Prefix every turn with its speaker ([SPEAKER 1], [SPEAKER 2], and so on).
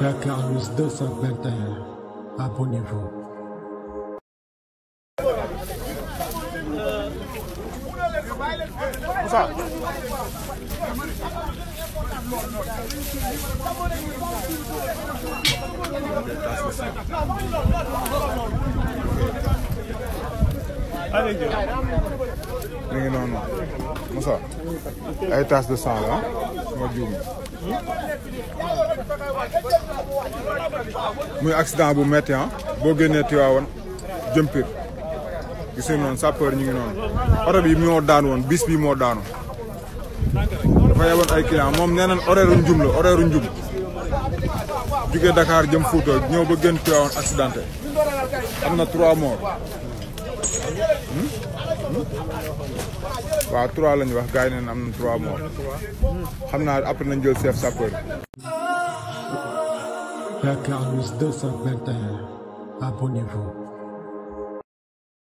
[SPEAKER 1] La 221. Abonnez-vous.
[SPEAKER 2] Non non ça tasse de sang hein? muy accident bu métti ah boo génnee Tiwaawoon jëm Pire gis nañu noonu sapeur ñu ngi noonu oto bi moo daan woon bis bi moo daanu dafa yeboon ay client moom nee nañ horaire njum njum jugee Dakar jëm Fouta ñëw ba génn Tiwaawoon accidenté
[SPEAKER 3] am na trois morts.
[SPEAKER 2] Hmm? waaw trois lañu wax gars am na trois mois xam naa après nañ jël chef sapeur.
[SPEAKER 3] Dakar News 221 abonnez-vous.